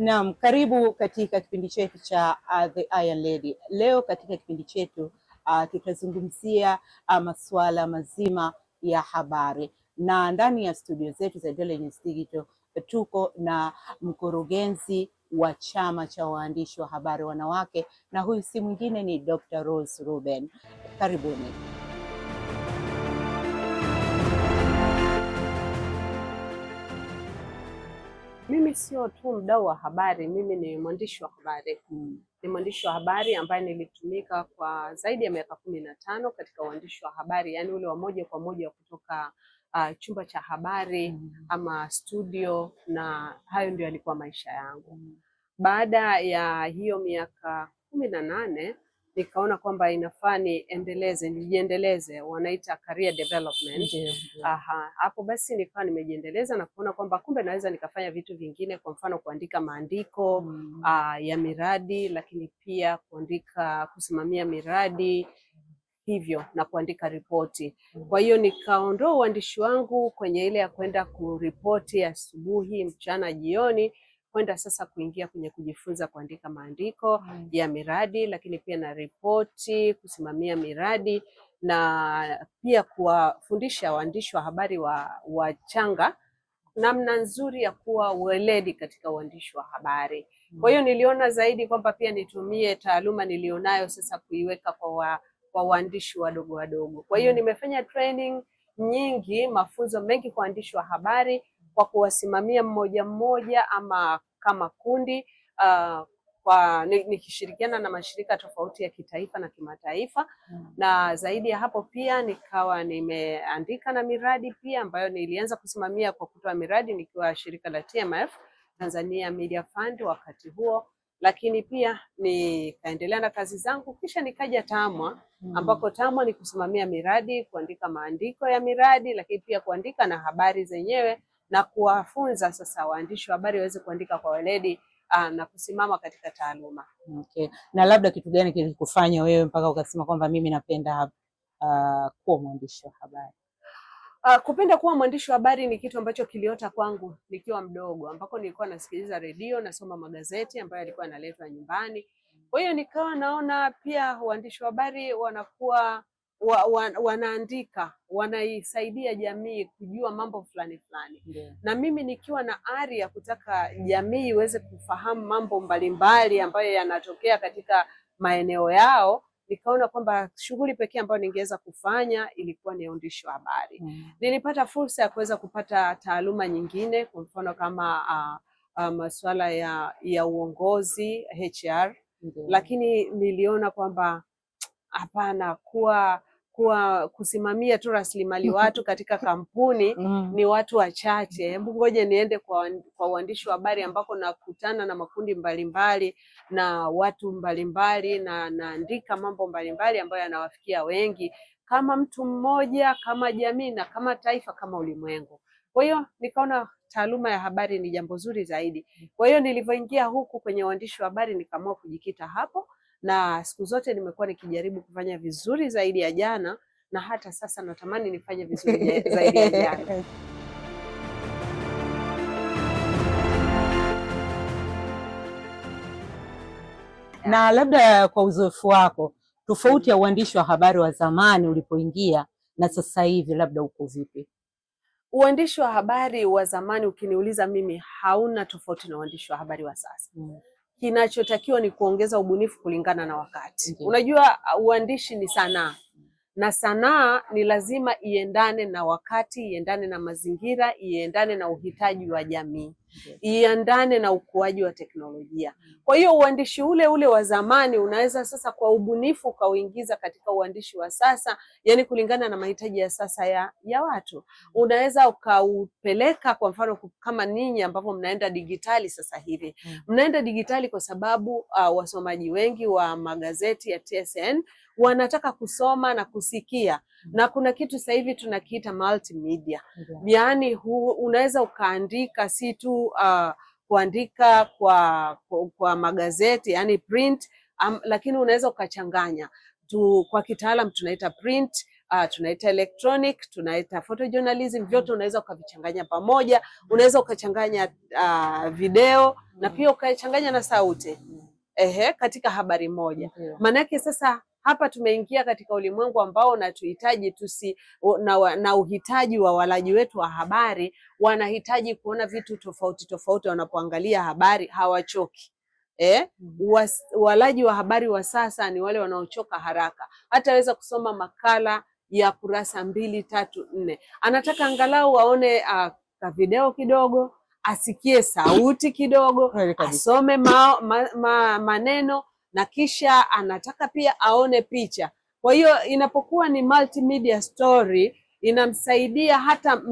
Naam, karibu katika kipindi chetu cha uh, The Iron Lady. Leo katika kipindi chetu uh, tutazungumzia uh, masuala mazima ya habari, na ndani ya studio zetu za Daily News Digital tuko na mkurugenzi wa chama cha waandishi wa habari wanawake, na huyu si mwingine ni Dr. Rose Ruben. Karibuni. Mimi sio tu mdau wa habari, mimi ni mwandishi wa habari Ni mwandishi wa habari ambaye nilitumika kwa zaidi ya miaka kumi na tano katika uandishi wa habari, yaani ule wa moja kwa moja kutoka uh, chumba cha habari mm. ama studio, na hayo ndio yalikuwa maisha yangu mm. Baada ya hiyo miaka kumi na nane nikaona kwamba inafaa niendeleze, nijiendeleze, wanaita career development. Aha, hapo basi nikawa nimejiendeleza na kuona kwamba kumbe naweza nikafanya vitu vingine, kwa mfano kuandika maandiko mm. uh, ya miradi, lakini pia kuandika, kusimamia miradi hivyo na kuandika ripoti. Mm. Kwa hiyo nikaondoa uandishi wangu kwenye ile ya kwenda kuripoti asubuhi, mchana, jioni kwenda sasa kuingia kwenye kujifunza kuandika maandiko mm. ya miradi, lakini pia na ripoti, kusimamia miradi na pia kuwafundisha waandishi wa habari wa wachanga namna nzuri ya kuwa weledi katika uandishi wa habari. Kwa hiyo niliona zaidi kwamba pia nitumie taaluma nilionayo sasa kuiweka kwa wa, kwa waandishi wadogo wadogo. Kwa hiyo mm. nimefanya training nyingi, mafunzo mengi kwa waandishi wa habari kwa kuwasimamia mmoja mmoja ama kama kundi uh, kwa nikishirikiana na mashirika tofauti ya kitaifa na kimataifa hmm. Na zaidi ya hapo pia nikawa nimeandika na miradi pia ambayo nilianza kusimamia kwa kutoa miradi nikiwa shirika la TMF Tanzania Media Fund wakati huo, lakini pia nikaendelea na kazi zangu, kisha nikaja TAMWA hmm. ambako TAMWA ni kusimamia miradi, kuandika maandiko ya miradi, lakini pia kuandika na habari zenyewe na kuwafunza sasa waandishi wa habari waweze kuandika kwa weledi ah, na kusimama katika taaluma. Okay. Na labda kitu gani kilikufanya wewe mpaka ukasema kwamba mimi napenda uh, kuwa mwandishi wa habari? Uh, kupenda kuwa mwandishi wa habari ni kitu ambacho kiliota kwangu nikiwa mdogo, ambako nilikuwa nasikiliza redio, nasoma magazeti ambayo yalikuwa yanaletwa nyumbani. Kwa hiyo nikawa naona pia waandishi wa habari wanakuwa wa, wa, wanaandika wanaisaidia jamii kujua mambo fulani fulani yeah. Na mimi nikiwa na ari ya kutaka jamii iweze kufahamu mambo mbalimbali ambayo yanatokea katika maeneo yao, nikaona kwamba shughuli pekee ambayo ningeweza kufanya ilikuwa ni uandishi wa habari mm. Nilipata fursa ya kuweza kupata taaluma nyingine, kwa mfano kama uh, uh, masuala ya, ya uongozi HR mm. Lakini niliona kwamba hapana kuwa kuwa kusimamia tu rasilimali watu katika kampuni mm. ni watu wachache. Hebu ngoje niende kwa, kwa uandishi wa habari ambako nakutana na makundi mbalimbali na watu mbalimbali na naandika mambo mbalimbali ambayo yanawafikia wengi kama mtu mmoja, kama jamii na kama taifa, kama ulimwengu. Kwa hiyo nikaona taaluma ya habari ni jambo zuri zaidi. Kwa hiyo nilivyoingia huku kwenye uandishi wa habari nikaamua kujikita hapo na siku zote nimekuwa nikijaribu kufanya vizuri zaidi ya jana, na hata sasa natamani nifanye vizuri zaidi ya jana. Na labda kwa uzoefu wako, tofauti ya uandishi wa habari wa zamani ulipoingia na sasa hivi, labda uko vipi? Uandishi wa habari wa zamani, ukiniuliza mimi, hauna tofauti na uandishi wa habari wa sasa mm kinachotakiwa ni kuongeza ubunifu kulingana na wakati. Unajua, uh, uandishi ni sanaa na sanaa ni lazima iendane na wakati, iendane na mazingira, iendane na uhitaji wa jamii iandane na ukuaji wa teknolojia. Mm. Kwa hiyo uandishi ule ule wa zamani unaweza sasa kwa ubunifu ukauingiza katika uandishi wa sasa, yani kulingana na mahitaji ya sasa ya, ya watu. Mm. Unaweza ukaupeleka kwa mfano kama ninyi ambavyo mnaenda digitali sasa hivi. Mm. Mnaenda digitali kwa sababu uh, wasomaji wengi wa magazeti ya TSN wanataka kusoma na kusikia Mm. na kuna kitu sasa hivi tunakiita multimedia, yaani unaweza ukaandika si tu uh, kuandika kwa, kwa, kwa magazeti yani print um, lakini unaweza ukachanganya tu, kwa kitaalam tunaita print Uh, tunaita electronic, tunaita photojournalism, vyote mm. unaweza ukavichanganya pamoja. Unaweza ukachanganya uh, video na mm. pia ukachanganya na sauti, ehe, katika habari moja. Maanake sasa hapa tumeingia katika ulimwengu ambao unatuhitaji tusi na, na uhitaji wa walaji wetu wa habari wanahitaji kuona vitu tofauti tofauti, wanapoangalia habari hawachoki. Eh, mm-hmm. was, walaji wa habari wa sasa ni wale wanaochoka haraka. Hataweza kusoma makala ya kurasa mbili tatu nne, anataka angalau aone uh, video kidogo, asikie sauti kidogo, asome ma, ma, ma, maneno na kisha anataka pia aone picha. Kwa hiyo inapokuwa ni multimedia story inamsaidia hata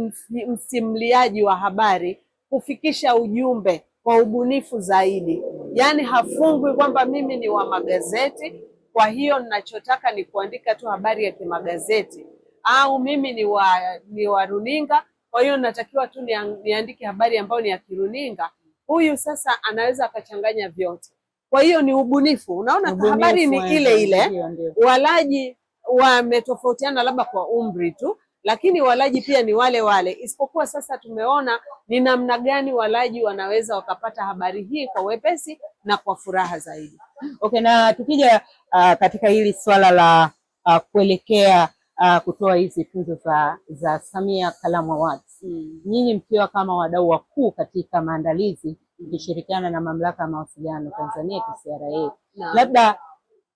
msimliaji wa habari kufikisha ujumbe kwa ubunifu zaidi, yaani hafungwi kwamba mimi ni wa magazeti, kwa hiyo ninachotaka ni kuandika tu habari ya kimagazeti, au mimi ni wa ni wa runinga, kwa hiyo natakiwa tu niandike habari ambayo ni ya kiruninga. Huyu sasa anaweza akachanganya vyote. Kwa hiyo ni ubunifu, unaona ubunifu, habari ni eh, ile ile Walaji wametofautiana labda kwa umri tu, lakini walaji pia ni wale wale, isipokuwa sasa tumeona ni namna gani walaji wanaweza wakapata habari hii kwa wepesi na kwa furaha zaidi. Okay, na tukija uh, katika hili swala la uh, kuelekea uh, kutoa hizi tuzo za, za Samia Kalamu Awards hmm. Nyinyi mkiwa kama wadau wakuu katika maandalizi ikishirikiana na mamlaka ya mawasiliano Tanzania TCRA. Labda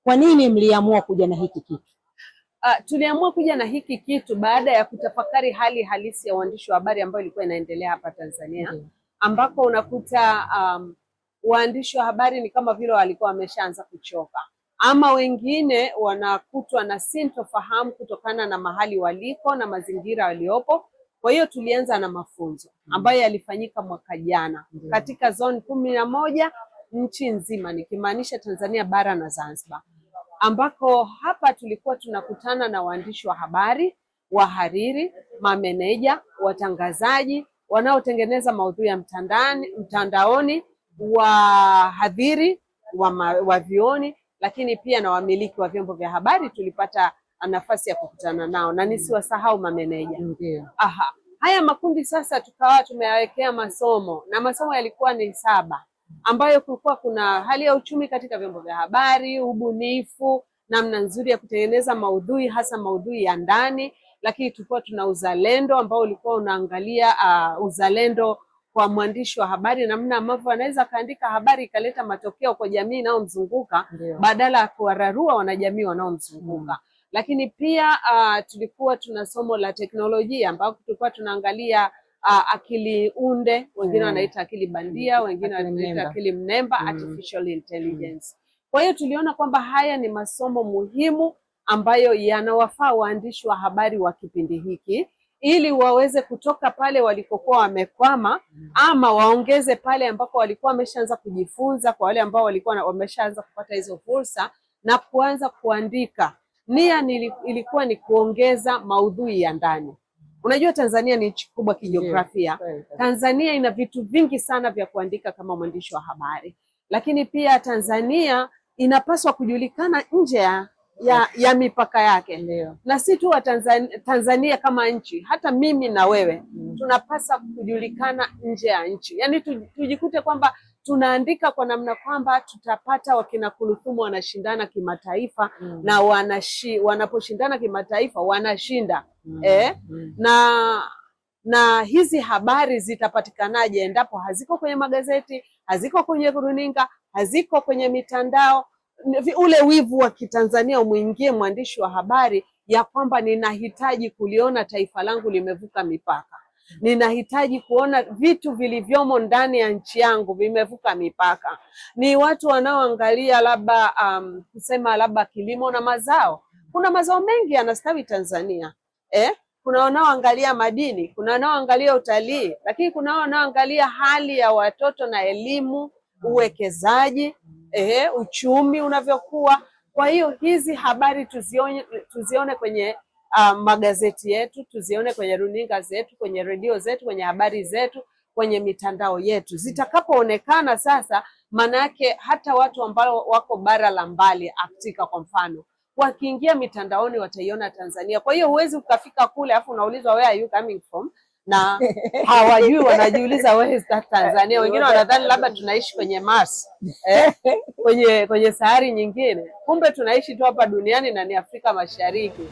kwa nini mliamua kuja na hiki kitu? Uh, tuliamua kuja na hiki kitu baada ya kutafakari hali halisi ya uandishi wa habari ambayo ilikuwa inaendelea hapa Tanzania hmm, ambako unakuta um, waandishi wa habari ni kama vile walikuwa wameshaanza kuchoka ama wengine wanakutwa na sintofahamu kutokana na mahali waliko na mazingira waliopo kwa hiyo tulianza na mafunzo hmm. ambayo yalifanyika mwaka jana hmm. katika zoni kumi na moja nchi nzima, nikimaanisha Tanzania bara na Zanzibar, ambako hapa tulikuwa tunakutana na waandishi wa habari, wahariri, mameneja, watangazaji wanaotengeneza maudhui ya mtandani, mtandaoni, wahadhiri wa, wa vioni, lakini pia na wamiliki wa vyombo vya habari tulipata nafasi ya kukutana nao na mm. nisiwasahau mameneja. Aha. Haya makundi sasa tukawa tumeyawekea masomo na masomo yalikuwa ni saba ambayo kulikuwa kuna hali ya uchumi katika vyombo vya habari, ubunifu, namna nzuri ya kutengeneza maudhui hasa maudhui ya ndani, lakini tulikuwa tuna uzalendo ambao ulikuwa unaangalia uh, uzalendo kwa mwandishi wa habari, namna ambavyo anaweza akaandika habari ikaleta matokeo kwa jamii inayomzunguka badala ya kuwararua wanajamii wanaomzunguka. hmm. Lakini pia uh, tulikuwa tuna somo la teknolojia ambapo tulikuwa tunaangalia uh, akili unde, wengine hmm. wanaita akili bandia, hmm. wengine wanaita akili mnemba, hmm. artificial intelligence. Kwa hiyo tuliona kwamba haya ni masomo muhimu ambayo yanawafaa waandishi wa habari wa kipindi hiki ili waweze kutoka pale walikokuwa wamekwama ama waongeze pale ambako walikuwa wameshaanza kujifunza, kwa wale ambao walikuwa wameshaanza kupata hizo fursa na kuanza kuandika Nia ilikuwa ni kuongeza maudhui ya ndani. Unajua, Tanzania ni nchi kubwa kijiografia. Tanzania ina vitu vingi sana vya kuandika kama mwandishi wa habari, lakini pia Tanzania inapaswa kujulikana nje ya ya, ya mipaka yake Leo. Na si tu wa Tanzania, Tanzania kama nchi, hata mimi na wewe mm. tunapasa kujulikana nje ya nchi, yaani tujikute kwamba tunaandika kwa namna kwamba tutapata wakina Kuluthuma wanashindana kimataifa mm. na wanashi, wanaposhindana kimataifa wanashinda mm. eh? mm. na na hizi habari zitapatikanaje endapo haziko kwenye magazeti, haziko kwenye runinga, haziko kwenye mitandao? Ule wivu wa Kitanzania umwingie mwandishi wa habari ya kwamba ninahitaji kuliona taifa langu limevuka mipaka ninahitaji kuona vitu vilivyomo ndani ya nchi yangu vimevuka mipaka. Ni watu wanaoangalia labda um, kusema labda kilimo na mazao. Kuna mazao mengi yanastawi Tanzania eh? Kuna wanaoangalia madini, kuna wanaoangalia utalii, lakini kuna wanaoangalia hali ya watoto na elimu, uwekezaji, eh, uchumi unavyokuwa. Kwa hiyo hizi habari tuzione, tuzione kwenye uh, magazeti yetu, tuzione kwenye runinga zetu, kwenye redio zetu, kwenye habari zetu, kwenye mitandao yetu. Zitakapoonekana sasa, yake hata watu ambao wako bara la mbali, Afrika kwa mfano, wakiingia mitandaoni wataiona Tanzania. Kwa hiyo huwezi ukafika kule afu unaulizwa where are you coming from na hawajui, wanajiuliza where is that Tanzania. Wengine wanadhani labda tunaishi kwenye Mars eh, kwenye kwenye sayari nyingine, kumbe tunaishi tu hapa duniani na ni Afrika Mashariki.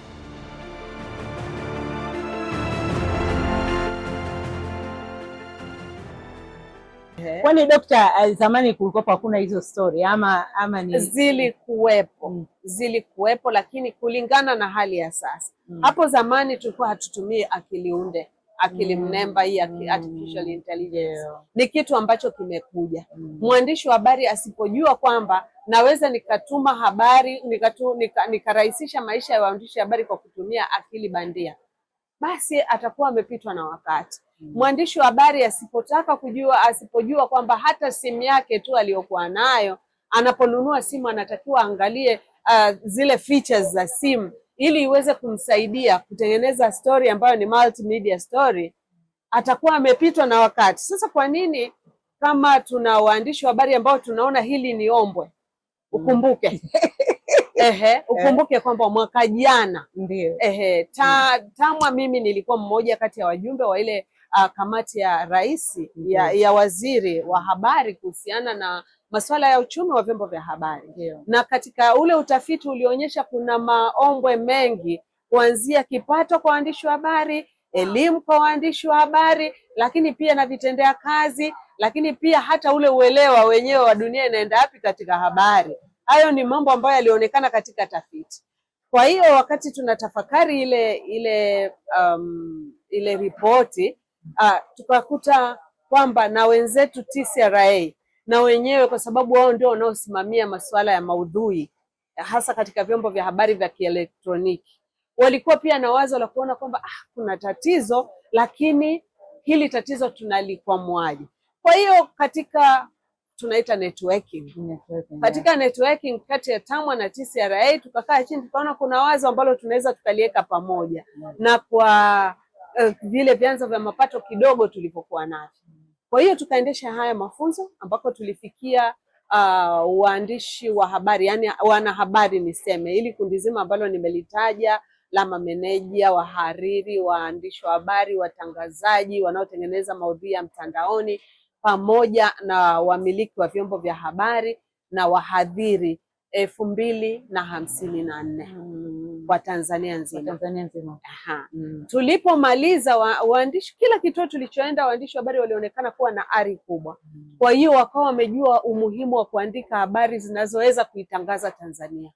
Eh? Kwani dokta, eh, zamani kulikuwa hakuna hizo story ama, ama ni... zilikuwepo mm. zilikuwepo lakini kulingana na hali ya sasa mm. hapo zamani tulikuwa hatutumii akili unde akili mm. mnemba hii mm. artificial intelligence yeah. ni kitu ambacho kimekuja mm. mwandishi wa habari asipojua kwamba naweza nikatuma habari nikatu, nika, nikarahisisha maisha ya waandishi habari kwa kutumia akili bandia, basi atakuwa amepitwa na wakati. Mm. Mwandishi wa habari asipotaka kujua, asipojua kwamba hata simu yake tu aliyokuwa nayo anaponunua simu anatakiwa aangalie uh, zile features za simu ili iweze kumsaidia kutengeneza story ambayo ni multimedia story, atakuwa amepitwa na wakati. Sasa kwa nini kama tuna waandishi wa habari ambao tunaona hili ni ombwe, mm. ukumbuke ehe, ukumbuke eh. kwamba mwaka jana ndio ehe, ta, TAMWA mimi nilikuwa mmoja kati ya wajumbe wa ile uh, kamati ya rais mm -hmm. ya, ya waziri wa habari kuhusiana na masuala ya uchumi wa vyombo vya habari yeah. Na katika ule utafiti ulionyesha kuna maombwe mengi kuanzia kipato kwa waandishi wa habari, elimu kwa waandishi wa habari, lakini pia na vitendea kazi, lakini pia hata ule uelewa wenyewe wa dunia inaenda wapi katika habari. Hayo ni mambo ambayo yalionekana katika tafiti. Kwa hiyo wakati tunatafakari ile ile um, ile ripoti uh, tukakuta kwamba na wenzetu TCRA na wenyewe kwa sababu wao ndio wanaosimamia masuala ya maudhui hasa katika vyombo vya habari vya kielektroniki, walikuwa pia na wazo la kuona kwamba ah, kuna tatizo, lakini hili tatizo tunalikwamuaje? Kwa hiyo katika tunaita networking. Networking, katika networking kati ya TAMWA na TCRA tukakaa chini tukaona kuna wazo ambalo tunaweza tukaliweka pamoja na kwa Eh, vile vyanzo vya mapato kidogo tulivyokuwa navyo. Kwa hiyo tukaendesha haya mafunzo ambako tulifikia uh, waandishi wa habari, yani wanahabari niseme, ili kundi zima ambalo nimelitaja la mameneja, wahariri, waandishi wa habari, watangazaji wanaotengeneza maudhui ya mtandaoni, pamoja na wamiliki wa vyombo vya habari na wahadhiri elfu mbili na hamsini na nne mm. kwa Tanzania nzima, kwa Tanzania nzima. Aha. Mm. Tulipomaliza wa, waandishi kila kituo tulichoenda waandishi wa habari walionekana kuwa na ari kubwa mm. kwa hiyo wakawa wamejua umuhimu wa kuandika habari zinazoweza kuitangaza Tanzania.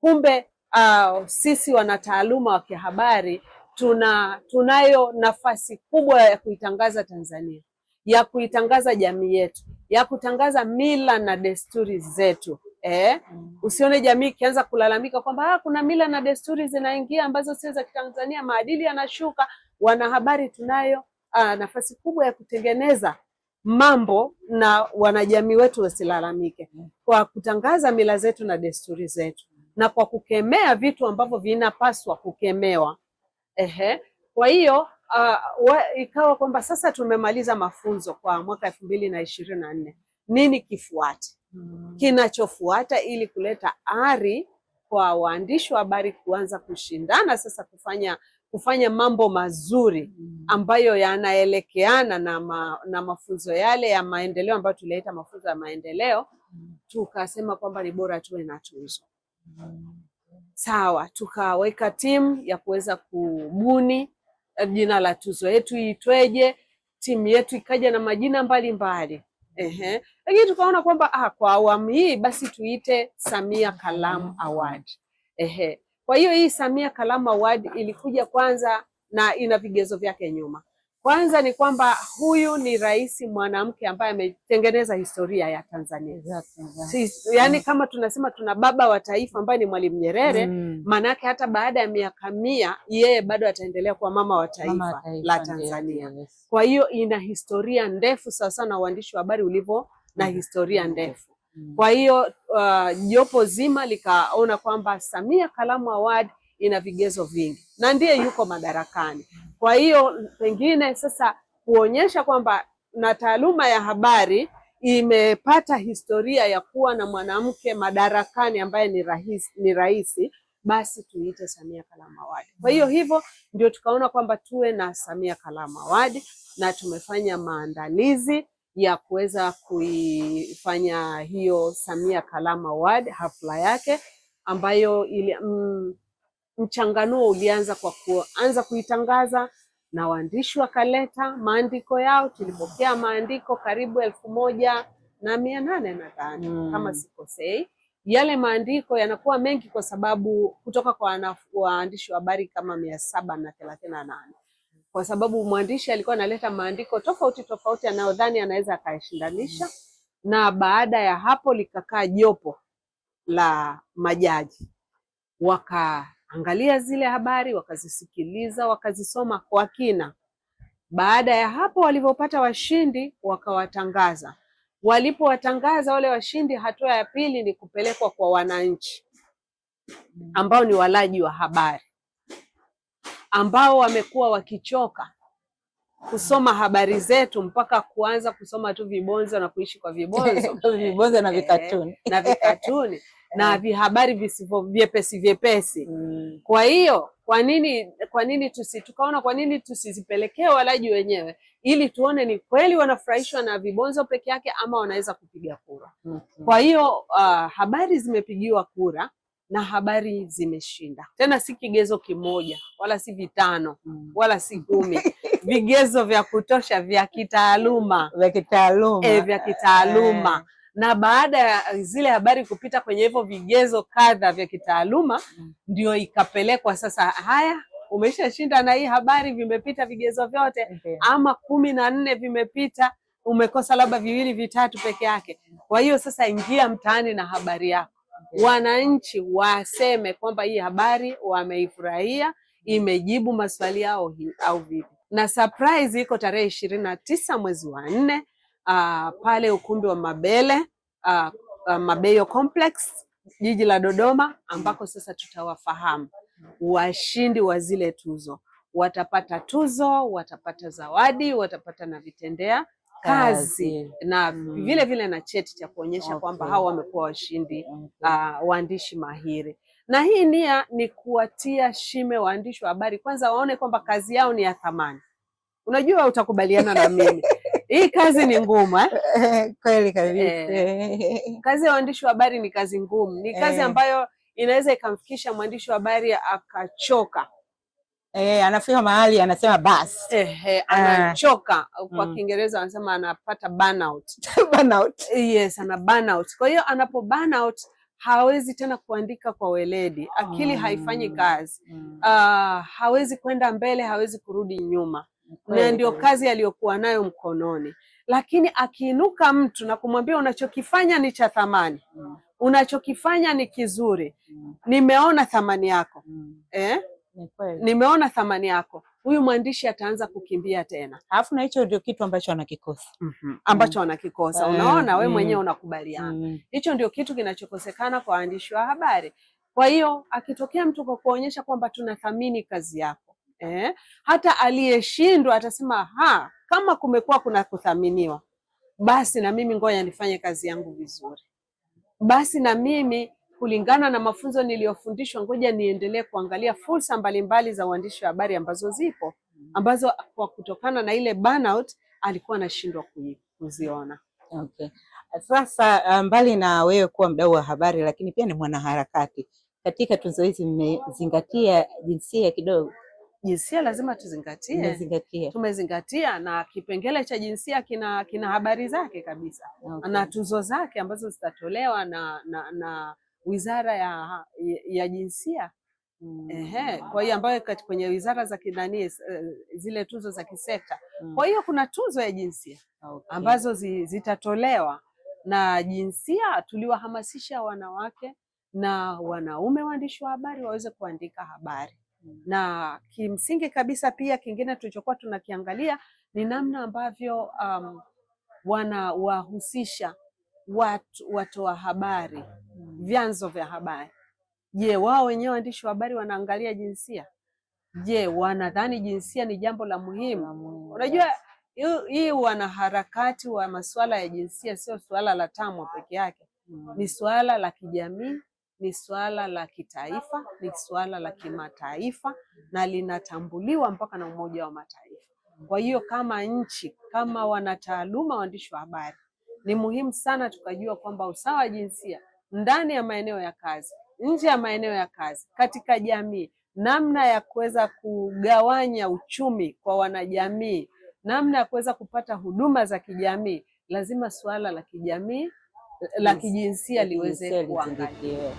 Kumbe uh, sisi wanataaluma wa kihabari tuna tunayo nafasi kubwa ya kuitangaza Tanzania, ya kuitangaza jamii yetu ya kutangaza mila na desturi zetu eh? Mm. Usione jamii ikianza kulalamika kwamba ah, kuna mila na desturi zinaingia ambazo sio za Kitanzania, maadili yanashuka. Wanahabari tunayo ah, nafasi kubwa ya kutengeneza mambo na wanajamii wetu wasilalamike kwa kutangaza mila zetu na desturi zetu na kwa kukemea vitu ambavyo vinapaswa kukemewa. Ehe, kwa hiyo uh, wa, ikawa kwamba sasa tumemaliza mafunzo kwa mwaka elfu mbili na ishirini na nne nini kifuate? hmm. kinachofuata ili kuleta ari kwa waandishi wa habari kuanza kushindana sasa kufanya kufanya mambo mazuri hmm. ambayo yanaelekeana na, ma, na mafunzo yale ya maendeleo ambayo tuliaita mafunzo ya maendeleo. Hmm. Tukasema kwamba ni bora tuwe na tuzo hmm. sawa, tukaweka timu ya kuweza kubuni Eh, jina la tuzo yetu iitweje, timu yetu ikaja na majina mbalimbali ehe, lakini tukaona kwamba ah, kwa awamu hii basi tuite Samia Kalamu Award ehe. Kwa hiyo hii Samia Kalamu Award ilikuja kwanza na ina vigezo vyake nyuma kwanza ni kwamba huyu ni rais mwanamke ambaye ametengeneza historia ya Tanzania. Exactly, exactly. Yaani kama tunasema tuna baba wa taifa ambaye ni Mwalimu Nyerere, maanake mm. hata baada ya miaka mia yeye bado ataendelea kuwa mama wa taifa, mama taifa la Tanzania. Yes. Kwa hiyo ina historia ndefu sasa na uandishi wa habari ulivyo na mm. historia mm. ndefu. Kwa hiyo uh, jopo uh, zima likaona kwamba Samia Kalamu Award ina vigezo vingi na ndiye yuko madarakani. Kwa hiyo pengine sasa kuonyesha kwamba na taaluma ya habari imepata historia ya kuwa na mwanamke madarakani ambaye ni rais, ni rais basi tuite Samia Kalamu Award. Kwa hiyo hivyo ndio tukaona kwamba tuwe na Samia Kalamu Award na tumefanya maandalizi ya kuweza kuifanya hiyo Samia Kalamu Award hafla yake ambayo ili, mm, mchanganuo ulianza kwa kuanza kuitangaza na waandishi wakaleta maandiko yao. Tulipokea maandiko karibu elfu moja na mia nane nadhani mm. kama sikosei. Yale maandiko yanakuwa mengi kwa sababu kutoka kwa waandishi wa habari kama mia saba na thelathini na nane kwa sababu mwandishi alikuwa analeta maandiko tofauti tofauti anayodhani anaweza akayashindanisha mm. na baada ya hapo likakaa jopo la majaji waka wakaangalia zile habari, wakazisikiliza, wakazisoma kwa kina. Baada ya hapo, walivyopata washindi wakawatangaza. Walipowatangaza wale washindi, hatua ya pili ni kupelekwa kwa wananchi ambao ni walaji wa habari, ambao wamekuwa wakichoka kusoma habari zetu mpaka kuanza kusoma tu vibonzo na kuishi kwa vibonzo vibonzo na eh, vikatuni na vikatuni na eh. vihabari visivyo vyepesi vyepesi mm. Kwa hiyo kwa nini kwa nini tusi tukaona kwa nini tusizipelekee walaji wenyewe ili tuone ni kweli wanafurahishwa na vibonzo peke yake ama wanaweza kupiga kura mm -hmm. Kwa hiyo uh, habari zimepigiwa kura na habari zimeshinda. Tena si kigezo kimoja wala si vitano mm. wala si kumi vigezo vya kutosha vya kitaaluma vya kitaaluma, e, vya kitaaluma. Eh na baada ya zile habari kupita kwenye hivyo vigezo kadha vya kitaaluma mm. ndio ikapelekwa sasa, haya umeshashinda na hii habari, vimepita vigezo vyote ama kumi na nne vimepita, umekosa labda viwili vitatu peke yake. Kwa hiyo sasa ingia mtaani na habari yako wananchi waseme kwamba hii habari wameifurahia, imejibu maswali yao au vipi. Na surprise iko tarehe ishirini na tisa mwezi wa nne uh, pale ukumbi wa Mabele uh, uh, Mabeyo Complex jiji la Dodoma, ambako sasa tutawafahamu washindi wa zile tuzo. Watapata tuzo, watapata zawadi, watapata na vitendea kazi na mm. vile vile na cheti cha kuonyesha okay. kwamba hao wamekuwa washindi uh, waandishi mahiri na hii nia ni kuwatia shime waandishi wa habari, kwanza waone kwamba kazi yao ni ya thamani. Unajua, utakubaliana na mimi Hii kazi ni ngumu eh? Kweli kabisa. Eh, kazi ya uandishi wa habari ni kazi ngumu, ni kazi eh, ambayo inaweza ikamfikisha mwandishi wa habari akachoka eh, anafika mahali anasema basi eh, eh, ah. anachoka ah. Kwa mm. Kiingereza wanasema anapata burnout. Burnout. Yes, ana burnout. Kwa hiyo anapo burnout hawezi tena kuandika kwa weledi, akili haifanyi mm. kazi mm. Uh, hawezi kwenda mbele, hawezi kurudi nyuma na ndio kazi aliyokuwa nayo mkononi, lakini akiinuka mtu na kumwambia unachokifanya ni cha thamani mm. unachokifanya ni kizuri mm. nimeona thamani yako mm. eh? nimeona thamani yako, huyu mwandishi ataanza kukimbia tena, alafu na hicho ndio kitu ambacho anakikosa mm-hmm. mm -hmm. ambacho anakikosa mm. unaona we mm. mwenyewe mm. unakubaliana hicho mm. ndio kitu kinachokosekana kwa waandishi wa habari. Kwa hiyo akitokea mtu kwa kuonyesha kwamba tunathamini kazi yako eh, hata aliyeshindwa atasema ha, kama kumekuwa kuna kuthaminiwa, basi na mimi ngoja nifanye kazi yangu vizuri, basi na mimi kulingana na mafunzo niliyofundishwa, ngoja niendelee kuangalia fursa mbalimbali za uandishi wa habari ambazo zipo, ambazo kwa kutokana na ile burnout alikuwa anashindwa kuziona. Okay. Sasa ah, mbali na wewe kuwa mdau wa habari, lakini pia ni mwanaharakati katika tunzo hizi mmezingatia jinsia kidogo jinsia lazima tuzingatie, tumezingatia na kipengele cha jinsia kina kina habari zake kabisa, okay. na tuzo zake ambazo zitatolewa na, na, na wizara ya, ya jinsia mm. Ehe, kwa hiyo ambayo kwenye wizara za kinani eh, zile tuzo za kisekta mm. Kwa hiyo kuna tuzo ya jinsia okay. ambazo zi, zitatolewa na jinsia, tuliwahamasisha wanawake na wanaume waandishi wa habari waweze kuandika habari na kimsingi kabisa, pia kingine tulichokuwa tunakiangalia ni namna ambavyo um, wanawahusisha watu watoa habari, mm. vyanzo vya habari. Je, wao wenyewe waandishi wa habari wanaangalia jinsia? Je, wanadhani jinsia ni jambo la muhimu? Unajua hii wanaharakati wa masuala ya jinsia sio suala la TAMWA peke yake, mm. ni suala la kijamii ni suala la kitaifa, ni suala la kimataifa na linatambuliwa mpaka na Umoja wa Mataifa. Kwa hiyo kama nchi, kama wanataaluma, waandishi wa habari, ni muhimu sana tukajua kwamba usawa wa jinsia ndani ya maeneo ya kazi, nje ya maeneo ya kazi, katika jamii, namna ya kuweza kugawanya uchumi kwa wanajamii, namna ya kuweza kupata huduma za kijamii, lazima suala la kijamii la kijinsia liweze kuangaliwa.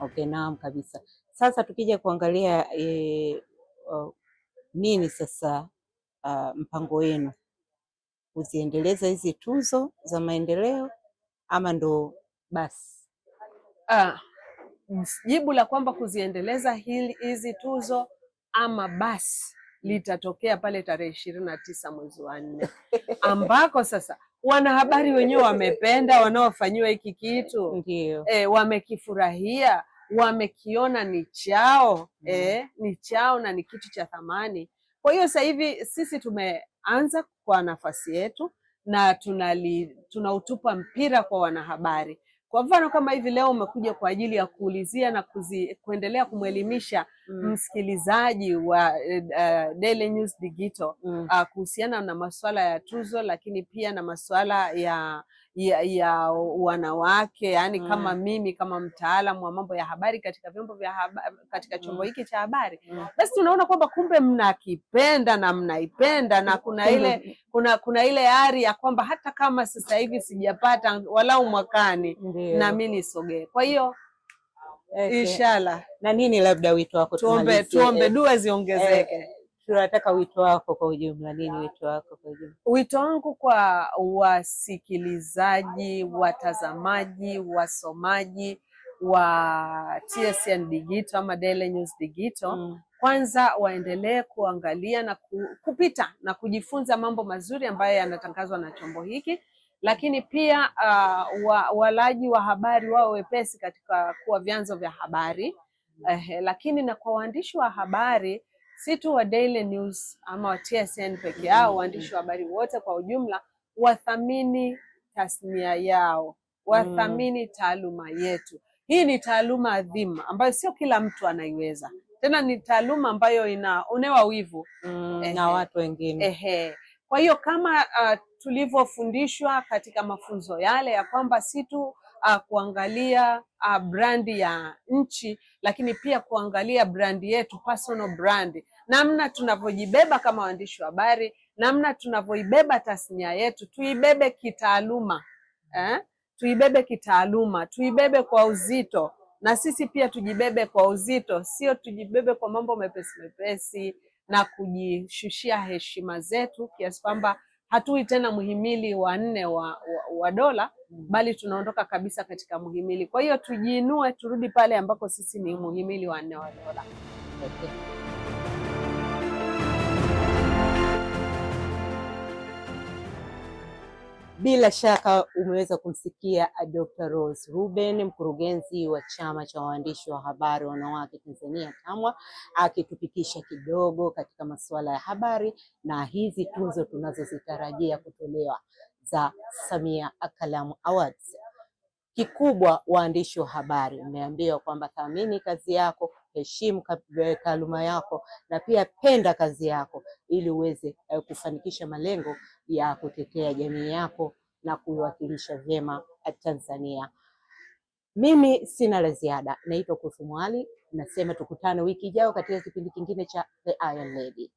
Okay, naam kabisa. Sasa tukija kuangalia e, o, nini sasa uh, mpango wenu kuziendeleza hizi tuzo za maendeleo ama ndo basi? Ah, jibu la kwamba kuziendeleza hizi tuzo ama basi litatokea pale tarehe ishirini na tisa mwezi wa nne ambako sasa wanahabari wenyewe wamependa wanaofanyiwa hiki kitu e, wamekifurahia wamekiona ni chao mm. e, mm-hmm. ni chao na ni kitu cha thamani. Kwa hiyo sasa hivi sisi tumeanza kwa nafasi yetu na tunali tunautupa mpira kwa wanahabari kwa mfano kama hivi leo umekuja kwa ajili ya kuulizia na kuzi, kuendelea kumwelimisha mm. msikilizaji wa uh, Daily News Digital mm. uh, kuhusiana na masuala ya tuzo, lakini pia na masuala ya ya, ya wanawake yani mm. Kama mimi kama mtaalamu wa mambo ya habari katika vyombo vya habari, katika mm. chombo hiki cha habari mm. Basi tunaona kwamba kumbe mnakipenda na mnaipenda na kuna mm. ile kuna kuna ile ari ya kwamba hata kama sasa hivi sijapata walau mwakani Ndiyo. na mimi nisogee. Kwa hiyo okay. Inshallah na nini, labda wito wako tuombe, tuombe eh. dua ziongezeke eh tunataka wito wako kwa ujumla, nini wito wako kwa ujumla? Wito wangu kwa wasikilizaji, watazamaji, wasomaji wa TSN Digital ama Daily News Digital mm. Kwanza waendelee kuangalia na kupita na kujifunza mambo mazuri ambayo yanatangazwa na chombo hiki, lakini pia uh, wa, walaji wa habari wao wepesi katika kuwa vyanzo vya habari mm. Eh, lakini na kwa waandishi wa habari si tu wa Daily News ama wa TSN peke yao, waandishi wa habari wote kwa ujumla wathamini tasnia yao, wathamini mm. taaluma yetu. Hii ni taaluma adhimu ambayo sio kila mtu anaiweza, tena ni taaluma ambayo inaonewa wivu mm, na watu wengine ehe. Kwa hiyo kama uh, tulivyofundishwa katika mafunzo yale ya kwamba si tu uh, kuangalia uh, brandi ya nchi, lakini pia kuangalia brandi yetu, personal brand, namna tunavyojibeba kama waandishi wa habari, namna tunavyoibeba tasnia yetu, tuibebe kitaaluma eh? Tuibebe kitaaluma, tuibebe kwa uzito, na sisi pia tujibebe kwa uzito, sio tujibebe kwa mambo mepesi mepesi na kujishushia heshima zetu kiasi kwamba hatui tena muhimili wa nne wa, wa, wa dola bali tunaondoka kabisa katika muhimili. Kwa hiyo tujiinue, turudi pale ambako sisi ni muhimili wa nne wa dola. Okay. Bila shaka umeweza kumsikia Dr. Rose Ruben, mkurugenzi wa chama cha waandishi wa habari wanawake Tanzania TAMWA, akitupitisha kidogo katika masuala ya habari na hizi tuzo tunazozitarajia kutolewa za Samia Kalamu Awards. Kikubwa waandishi wa habari, umeambiwa kwamba thamini kazi yako, heshimu e, taaluma yako, na pia penda kazi yako ili uweze e, kufanikisha malengo ya kutetea jamii yako na kuiwakilisha vyema Tanzania. Mimi sina la ziada, naitwa kufumwali nasema tukutane wiki ijayo katika kipindi kingine cha The Iron Lady.